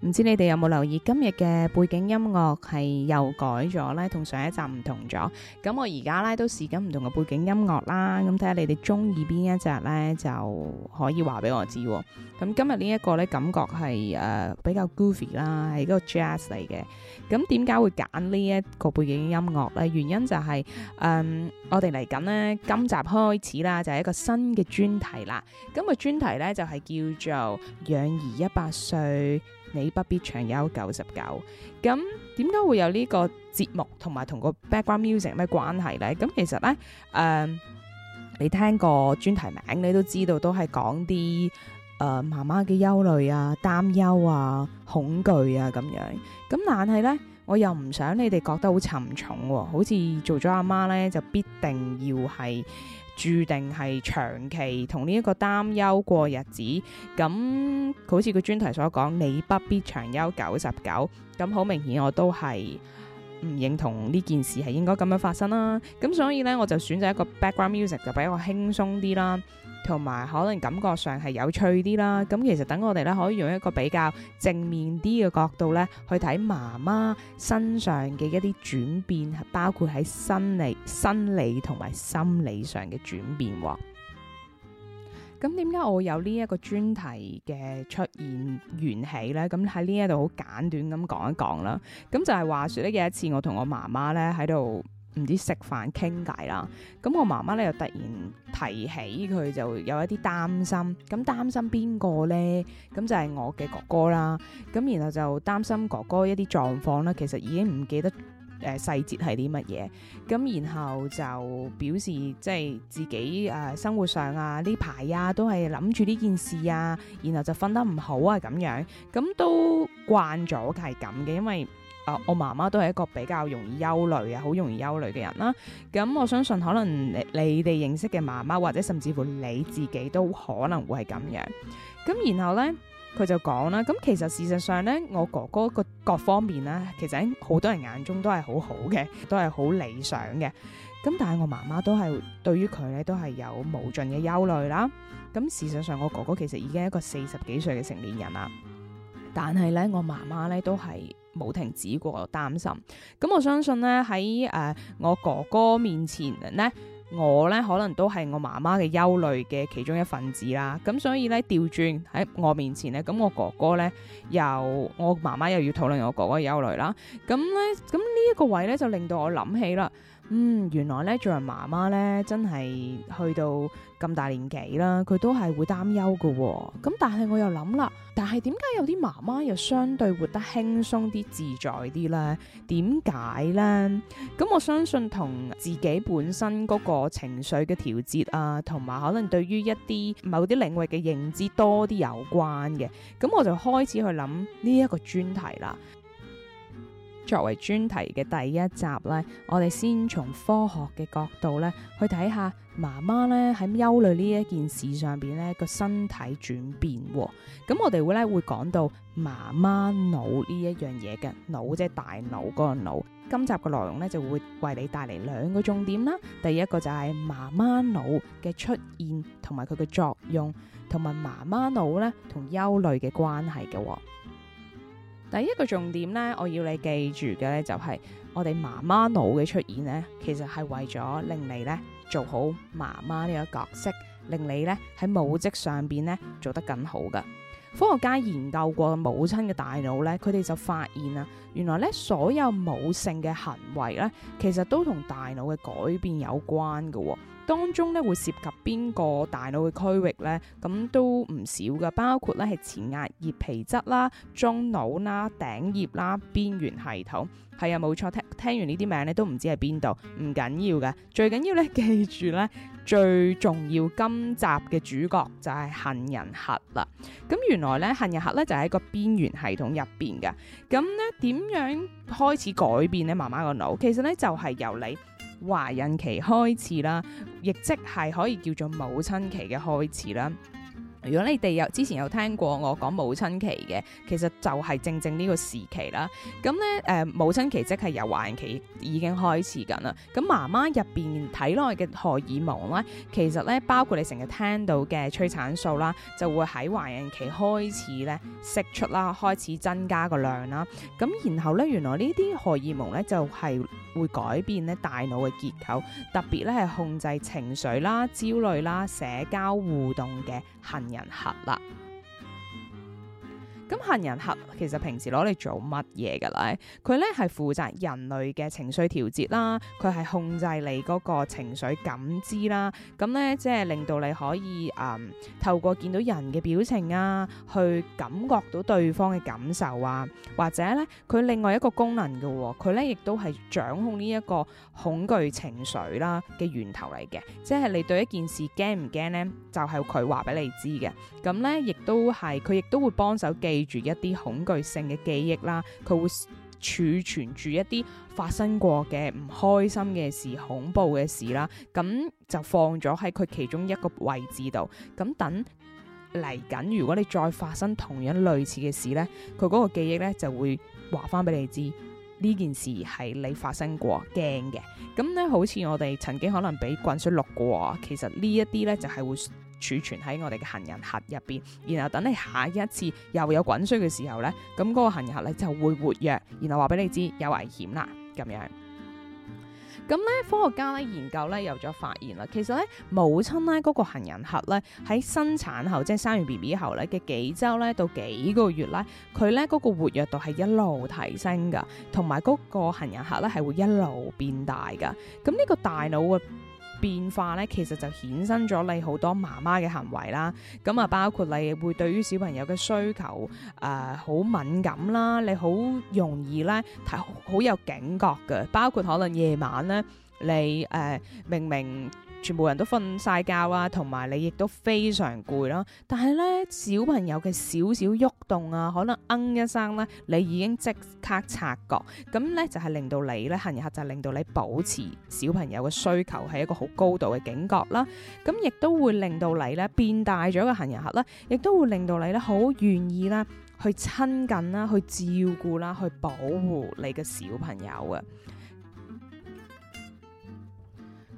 唔知你哋有冇留意今日嘅背景音樂係又改咗呢？同上一集唔同咗。咁我而家呢都試緊唔同嘅背景音樂啦。咁睇下你哋中意邊一隻呢，就可以話俾我知。咁今日呢一個呢感覺係誒、呃、比較 groovy 啦，係個 jazz 嚟嘅。咁點解會揀呢一個背景音樂呢？原因就係、是、誒、嗯、我哋嚟緊呢今集開始啦，就係、是、一個新嘅專題啦。咁個專題呢，就係、是、叫做養兒一百歲。你不必長憂九十九，咁點解會有呢個節目，同埋同個 background music 有咩關係咧？咁其實咧，誒，你聽個專題名，你都知道都係講啲誒媽媽嘅憂慮啊、擔憂啊、恐懼啊咁樣。咁但係咧，我又唔想你哋覺得好沉重喎，好似做咗阿媽咧就必定要係。注定係長期同呢一個擔憂過日子，咁好似佢專題所講，你不必長憂九十九，咁好明顯我都係唔認同呢件事係應該咁樣發生啦。咁所以呢，我就選擇一個 background music，就比較輕鬆啲啦。同埋可能感覺上係有趣啲啦，咁其實等我哋咧可以用一個比較正面啲嘅角度咧，去睇媽媽身上嘅一啲轉變，包括喺生理、生理同埋心理上嘅轉變。咁點解我有呢一個專題嘅出現緣起呢？咁喺呢一度好簡短咁講一講啦。咁就係話説咧，有一次我同我媽媽咧喺度。唔知食飯傾偈啦，咁我媽媽咧又突然提起佢，就有一啲擔心。咁擔心邊個咧？咁就係我嘅哥哥啦。咁然後就擔心哥哥一啲狀況啦。其實已經唔記得誒、呃、細節係啲乜嘢。咁然後就表示即係自己誒、呃、生活上啊呢排啊都係諗住呢件事啊，然後就瞓得唔好啊咁樣。咁都慣咗佢係咁嘅，因為。啊！我媽媽都係一個比較容易憂慮啊，好容易憂慮嘅人啦。咁我相信可能你你哋認識嘅媽媽，或者甚至乎你自己都可能會係咁樣。咁然後呢，佢就講啦。咁其實事實上呢，我哥哥個各方面呢，其實喺好多人眼中都係好好嘅，都係好理想嘅。咁但係我媽媽都係對於佢呢，都係有無盡嘅憂慮啦。咁事實上我哥哥其實已經係一個四十幾歲嘅成年人啦，但係呢，我媽媽呢，都係。冇停止過擔心，咁我相信咧，喺誒我哥哥面前咧，我咧可能都係我媽媽嘅憂慮嘅其中一份子啦。咁所以咧，調轉喺我面前咧，咁我哥哥咧，又我媽媽又要討論我哥哥嘅憂慮啦。咁咧，咁呢一個位咧，就令到我諗起啦。嗯，原來咧，做人媽媽咧，真係去到咁大年紀啦，佢都係會擔憂㗎喎。咁但係我又諗啦，但係點解有啲媽媽又相對活得輕鬆啲、自在啲咧？點解咧？咁我相信同自己本身嗰個情緒嘅調節啊，同埋可能對於一啲某啲領域嘅認知多啲有關嘅。咁我就開始去諗呢一個專題啦。作為專題嘅第一集咧，我哋先從科學嘅角度咧，去睇下媽媽咧喺憂慮呢一件事上邊咧，個身體轉變。咁我哋會咧會講到媽媽腦呢一樣嘢嘅腦，即係大腦嗰個腦。今集嘅內容咧就會為你帶嚟兩個重點啦。第一個就係媽媽腦嘅出現同埋佢嘅作用，同埋媽媽腦咧同憂慮嘅關係嘅。第一個重點咧，我要你記住嘅咧，就係我哋媽媽腦嘅出現咧，其實係為咗令你咧做好媽媽呢個角色，令你咧喺母職上邊咧做得更好㗎。科學家研究過母親嘅大腦咧，佢哋就發現喇，原來咧所有母性嘅行為咧，其實都同大腦嘅改變有關嘅，哦。當中咧會涉及邊個大腦嘅區域咧？咁都唔少嘅，包括咧係前額葉皮質啦、中腦啦、頂葉啦、邊緣系統。係啊，冇錯。聽聽完呢啲名咧，都唔知喺邊度，唔緊要嘅。最緊要咧，記住咧。最重要今集嘅主角就係杏仁核啦，咁原來咧杏仁核咧就喺個邊緣系統入邊嘅，咁咧點樣開始改變咧媽媽個腦？其實咧就係由你懷孕期開始啦，亦即係可以叫做母親期嘅開始啦。如果你哋有之前有聽過我講母親期嘅，其實就係正正呢個時期啦。咁咧，誒、呃、母親期即係由懷孕期已經開始緊啦。咁媽媽入邊體內嘅荷爾蒙咧，其實咧包括你成日聽到嘅催產素啦，就會喺懷孕期開始咧釋出啦，開始增加個量啦。咁然後咧，原來呢啲荷爾蒙咧就係、是、會改變咧大腦嘅結構，特別咧係控制情緒啦、焦慮啦、社交互動嘅行人客啦。咁杏仁核其實平時攞嚟做乜嘢㗎咧？佢咧係負責人類嘅情緒調節啦，佢係控制你嗰個情緒感知啦。咁咧即係令到你可以誒、嗯、透過見到人嘅表情啊，去感覺到對方嘅感受啊。或者咧，佢另外一個功能嘅，佢咧亦都係掌控呢一個恐懼情緒啦嘅源頭嚟嘅。即係你對一件事驚唔驚咧，就係佢話俾你知嘅。咁咧亦都係佢亦都會幫手記。記住一啲恐懼性嘅記憶啦，佢會儲存住一啲發生過嘅唔開心嘅事、恐怖嘅事啦，咁就放咗喺佢其中一個位置度，咁等嚟緊，如果你再發生同樣類似嘅事呢，佢嗰個記憶呢就會話翻俾你知呢件事係你發生過驚嘅，咁呢，好似我哋曾經可能俾滾水錄過，其實呢一啲呢就係會。儲存喺我哋嘅杏仁核入邊，然後等你下一次又有滾水嘅時候呢，咁、那、嗰個杏仁核咧就會活躍，然後話俾你知有危險啦，咁樣。咁、嗯、呢、 嗯、科學家咧研究呢有咗發現啦，其實呢，母親呢嗰個杏仁核呢喺生產後，即係生完 B B 後呢嘅幾周呢到幾個月呢，佢呢嗰個活躍度係一路提升噶，同埋嗰個杏仁核呢係會一路變大噶。咁呢個大腦啊。變化咧，其實就衍生咗你好多媽媽嘅行為啦。咁啊，包括你會對於小朋友嘅需求，誒、呃、好敏感啦，你好容易咧，好有警覺嘅。包括可能夜晚咧，你誒、呃、明明，全部人都瞓晒覺啊，同埋你亦都非常攰咯。但係咧，小朋友嘅少少喐動啊，可能嗯一聲咧，你已經即刻察覺。咁咧就係令到你咧杏仁核就令到你保持小朋友嘅需求係一個好高度嘅警覺啦。咁亦都會令到你咧變大咗嘅杏仁核啦，亦都會令到你咧好願意啦，去親近啦、去照顧啦、去保護你嘅小朋友嘅。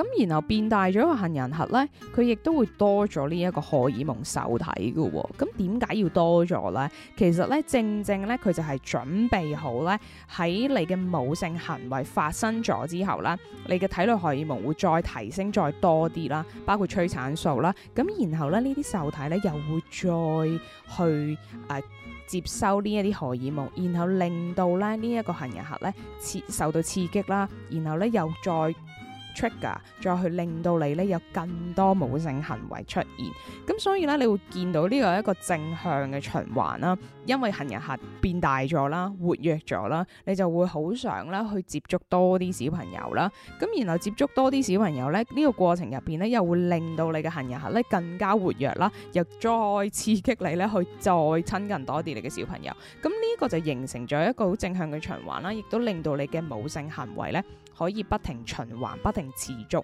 咁然後變大咗個杏仁核咧，佢亦都會多咗呢一個荷爾蒙受體嘅喎、哦。咁點解要多咗咧？其實咧，正正咧，佢就係準備好咧，喺你嘅母性行為發生咗之後咧，你嘅體內荷爾蒙會再提升再多啲啦，包括催產素啦。咁然後咧，呢啲受體咧又會再去誒、呃、接收呢一啲荷爾蒙，然後令到咧呢一、這個杏仁核咧刺受到刺激啦，然後咧又再，Trigger，再去令到你咧有更多母性行為出現，咁所以咧，你會見到呢個一個正向嘅循環啦。因為杏仁核變大咗啦，活躍咗啦，你就會好想咧去接觸多啲小朋友啦。咁然後接觸多啲小朋友咧，呢個過程入邊咧，又會令到你嘅杏仁核咧更加活躍啦，又再刺激你咧去再親近多啲你嘅小朋友。咁呢個就形成咗一個好正向嘅循環啦，亦都令到你嘅母性行為咧。可以不停循環，不停持續。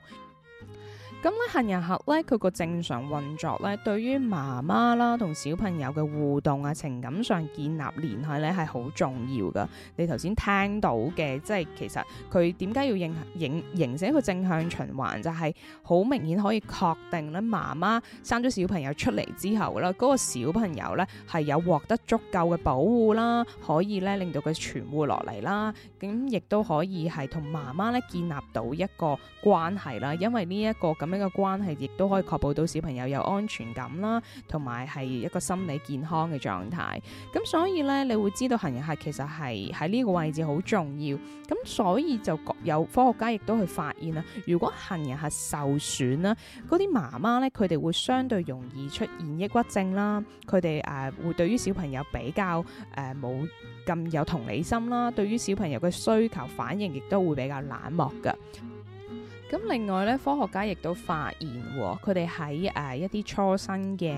咁咧，杏仁核咧，佢個正常運作咧，對於媽媽啦同小朋友嘅互動啊、情感上建立聯繫咧，係好重要噶你頭先聽到嘅，即係其實佢點解要形形形成一個正向循環，就係、是，好明顯可以確定咧，媽媽生咗小朋友出嚟之後啦，嗰個小朋友咧係有獲得足夠嘅保護啦，可以咧令到佢存活落嚟啦。咁亦都可以係同媽媽咧建立到一個關係啦，因為呢、這、一個。咁樣嘅關係，亦都可以確保到小朋友有安全感啦，同埋係一個心理健康嘅狀態。咁所以呢，你會知道杏仁核其實係喺呢個位置好重要。咁所以就有科學家亦都去發現啦，如果杏仁核受損啦，嗰啲媽媽呢，佢哋會相對容易出現抑鬱症啦，佢哋誒會對於小朋友比較誒冇咁有同理心啦，對於小朋友嘅需求反應亦都會比較冷漠噶。咁另外咧，科學家亦都發現，佢哋喺誒一啲初生嘅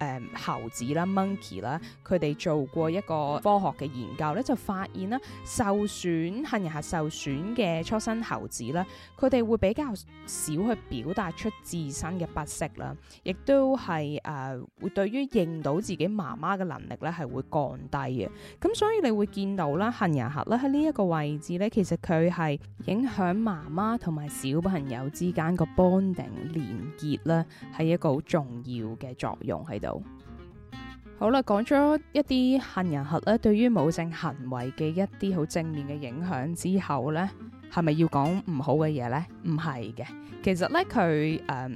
誒猴子啦、monkey 啦，佢哋做過一個科學嘅研究咧，就發現啦，受損杏仁核受損嘅初生猴子咧，佢哋會比較少去表達出自身嘅不適啦，亦都係誒、呃、會對於認到自己媽媽嘅能力咧係會降低嘅。咁所以你會見到啦，杏仁核咧，喺呢一個位置咧，其實佢係影響媽媽同埋小。小朋友之間個 bonding 連結咧，係一個好重要嘅作用喺度。好啦，講咗一啲杏仁核咧，對於母性行為嘅一啲好正面嘅影響之後呢，係咪要講唔好嘅嘢呢？唔係嘅，其實呢，佢誒。呃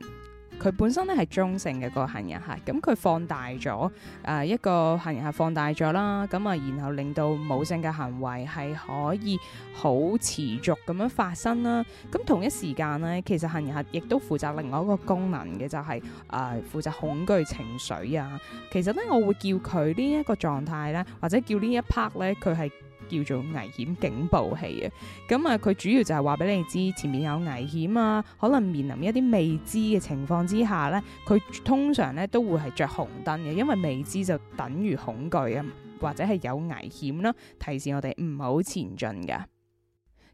佢本身咧係中性嘅個杏仁核，咁佢放大咗誒、呃、一個杏仁核放大咗啦，咁啊然後令到母性嘅行為係可以好持續咁樣發生啦。咁、嗯、同一時間咧，其實杏仁核亦都負責另外一個功能嘅，就係誒負責恐懼情緒啊。其實咧，我會叫佢呢一個狀態咧，或者叫一呢一 part 咧，佢係。叫做危險警報器啊！咁啊，佢主要就係話俾你知前面有危險啊，可能面臨一啲未知嘅情況之下咧，佢通常咧都會係着紅燈嘅，因為未知就等於恐懼啊，或者係有危險啦，提示我哋唔好前進㗎。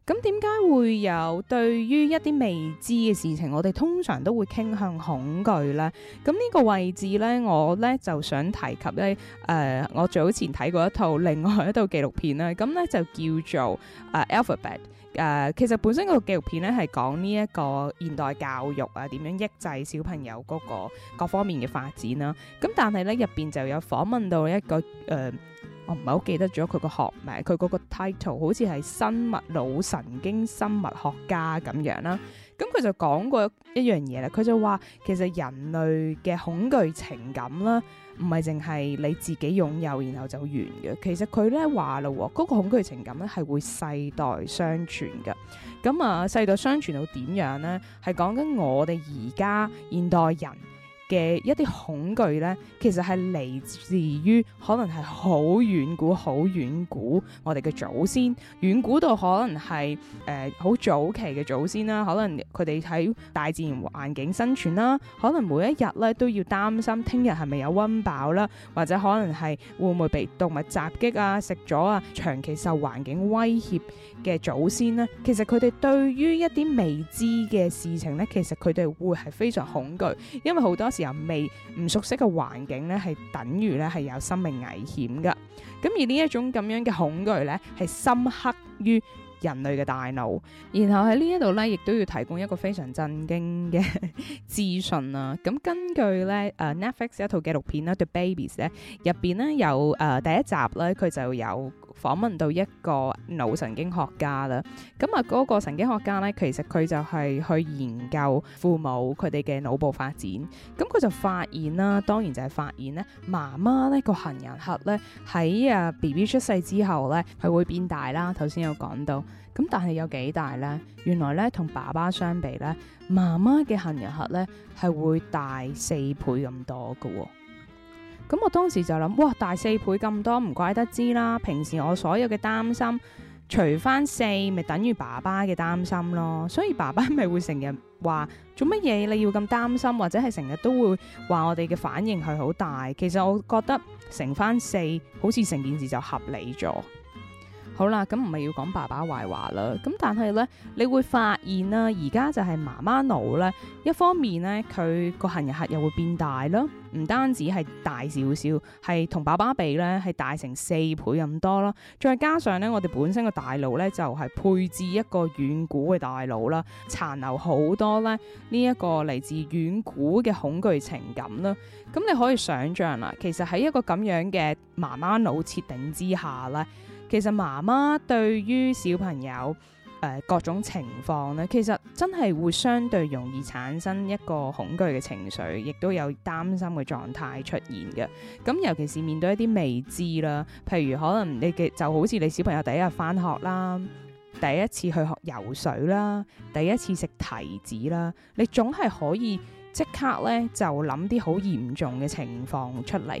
咁點解會有對於一啲未知嘅事情，我哋通常都會傾向恐懼呢？咁、這、呢個位置呢，我呢就想提及呢，誒、呃，我早前睇過一套另外一套紀錄片啦，咁、嗯、呢就叫做《啊、呃、Alphabet》誒 Al、呃，其實本身嗰套紀錄片呢，係講呢一個現代教育啊，點樣抑制小朋友嗰個各方面嘅發展啦。咁、嗯、但係呢，入邊就有訪問到一個誒。呃我唔係好記得咗佢個學名，佢嗰個 title 好似係生物腦神經生物學家咁樣啦。咁佢就講過一樣嘢啦，佢就話其實人類嘅恐懼情感啦，唔係淨係你自己擁有然後就完嘅。其實佢咧話咯，嗰個恐懼情感咧係會世代相傳嘅。咁啊，世代相傳到點樣呢？係講緊我哋而家現代人。嘅一啲恐懼咧，其實係嚟自於可能係好遠古、好遠古我哋嘅祖先，遠古到可能係誒好早期嘅祖先啦。可能佢哋喺大自然環境生存啦，可能每一日咧都要擔心聽日係咪有溫飽啦，或者可能係會唔會被動物襲擊啊、食咗啊，長期受環境威脅嘅祖先咧。其實佢哋對於一啲未知嘅事情咧，其實佢哋會係非常恐懼，因為好多。時候未唔熟悉嘅環境咧，係等於咧係有生命危險㗎。咁而呢一種咁樣嘅恐懼咧，係深刻於人類嘅大腦，然後喺呢一度咧，亦都要提供一個非常震驚嘅資訊啦。咁、嗯、根據咧，誒、啊、Netflix 一套紀錄片咧《The Babies》咧，入邊咧有誒、呃、第一集咧，佢就有訪問到一個腦神經學家啦。咁、嗯、啊，嗰、那個神經學家咧，其實佢就係去研究父母佢哋嘅腦部發展。咁、嗯、佢就發現啦，當然就係發現咧，媽媽咧個杏仁核咧喺啊 B B 出世之後咧，佢會變大啦。頭先有講到。咁但係有幾大呢？原來咧同爸爸相比咧，媽媽嘅杏仁核咧係會大四倍咁多㗎喎。咁我當時就諗，哇，大四倍咁多唔怪得知啦。平時我所有嘅擔心除翻四，咪等於爸爸嘅擔心咯。所以爸爸咪會成日話做乜嘢你要咁擔心，或者係成日都會話我哋嘅反應係好大。其實我覺得乘翻四，好似成件事就合理咗。好啦，咁唔係要講爸爸壞話啦。咁但係呢，你會發現咧、啊，而家就係媽媽腦咧，一方面呢，佢個杏仁核又會變大啦，唔單止係大少少，係同爸爸比呢，係大成四倍咁多啦。再加上呢，我哋本身個大腦呢，就係、是、配置一個遠古嘅大腦啦，殘留好多呢，呢、這、一個嚟自遠古嘅恐懼情感啦。咁你可以想象啦、啊，其實喺一個咁樣嘅媽媽腦設定之下呢。其實媽媽對於小朋友誒、呃、各種情況咧，其實真係會相對容易產生一個恐懼嘅情緒，亦都有擔心嘅狀態出現嘅。咁尤其是面對一啲未知啦，譬如可能你嘅就好似你小朋友第一日返學啦，第一次去學游水啦，第一次食提子啦，你總係可以即刻咧就諗啲好嚴重嘅情況出嚟。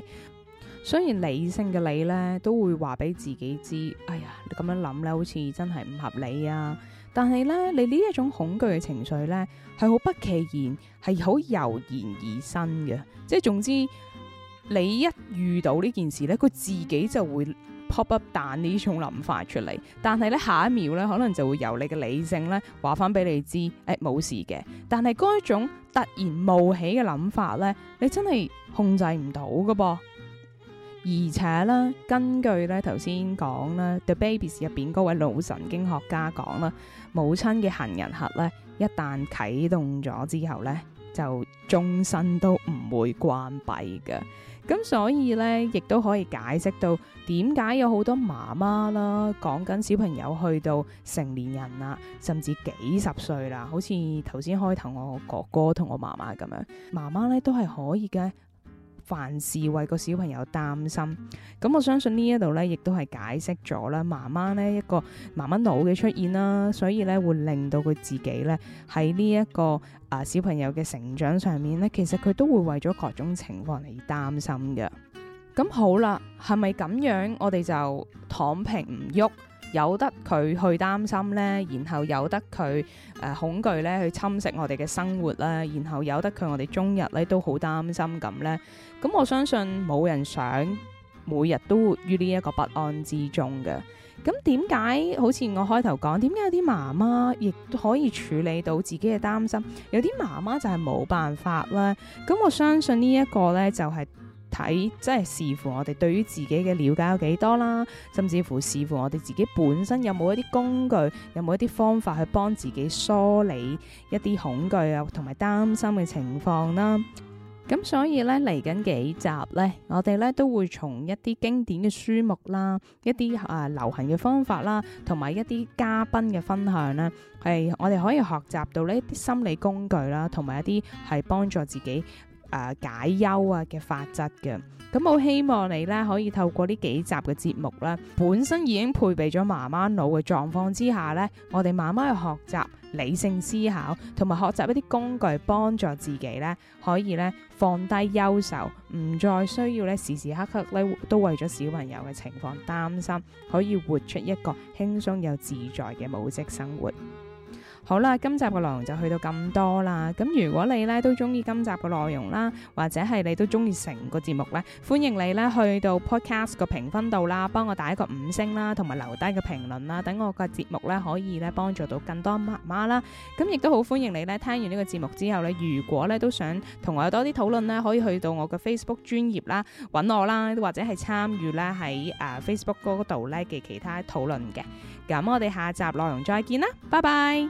雖然理性嘅你咧都會話俾自己知，哎呀，你咁樣諗咧，好似真係唔合理啊。但係咧，你呢一種恐懼嘅情緒咧係好不其然，係好油然而生嘅。即係總之，你一遇到呢件事咧，佢自己就會 pop up 彈呢種諗法出嚟。但係咧，下一秒咧，可能就會由你嘅理性咧話翻俾你知，誒、欸、冇事嘅。但係嗰一種突然冒起嘅諗法咧，你真係控制唔到㗎噃。而且咧，根據咧頭先講咧，The Babies 入邊嗰位腦神經學家講啦，母親嘅杏仁核咧一旦啟動咗之後咧，就終身都唔會關閉嘅。咁所以咧，亦都可以解釋到點解有好多媽媽啦，講緊小朋友去到成年人啦，甚至幾十歲啦，好似頭先開頭我哥哥同我媽媽咁樣，媽媽咧都係可以嘅。凡事為個小朋友擔心，咁我相信呢一度呢，亦都係解釋咗啦，媽媽呢，一個媽媽腦嘅出現啦，所以呢，會令到佢自己呢，喺呢一個啊小朋友嘅成長上面呢，其實佢都會為咗各種情況嚟擔心嘅。咁好啦，係咪咁樣我哋就躺平唔喐？由得佢去擔心咧，然後由得佢誒恐懼咧去侵蝕我哋嘅生活啦，然後由得佢我哋終日咧都好擔心咁咧。咁我相信冇人想每日都活於呢一個不安之中嘅。咁點解好似我開頭講？點解有啲媽媽亦都可以處理到自己嘅擔心，有啲媽媽就係冇辦法啦。咁我相信呢一個咧就係、是。睇，即係視乎我哋對於自己嘅了解有幾多啦，甚至乎視乎我哋自己本身有冇一啲工具，有冇一啲方法去幫自己梳理一啲恐懼啊同埋擔心嘅情況啦。咁所以呢，嚟緊幾集呢，我哋呢都會從一啲經典嘅書目啦，一啲啊、呃、流行嘅方法啦，同埋一啲嘉賓嘅分享啦。係我哋可以學習到呢啲心理工具啦，同埋一啲係幫助自己，誒解憂啊嘅法則嘅，咁我希望你咧可以透過呢幾集嘅節目咧，本身已經配備咗媽媽腦嘅狀況之下咧，我哋媽媽去學習理性思考，同埋學習一啲工具幫助自己咧，可以咧放低憂愁，唔再需要咧時時刻刻咧都為咗小朋友嘅情況擔心，可以活出一個輕鬆又自在嘅母職生活。好啦，今集嘅內容就去到咁多啦。咁如果你咧都中意今集嘅內容啦，或者係你都中意成個節目咧，歡迎你咧去到 Podcast 個評分度啦，幫我打一個五星啦，同埋留低個評論啦，等我個節目咧可以咧幫助到更多媽媽啦。咁亦都好歡迎你咧聽完呢個節目之後咧，如果咧都想同我有多啲討論咧，可以去到我嘅 Facebook 專頁啦揾我啦，或者係參與咧喺啊 Facebook 嗰度咧嘅其他討論嘅。咁我哋下集內容再見啦，拜拜。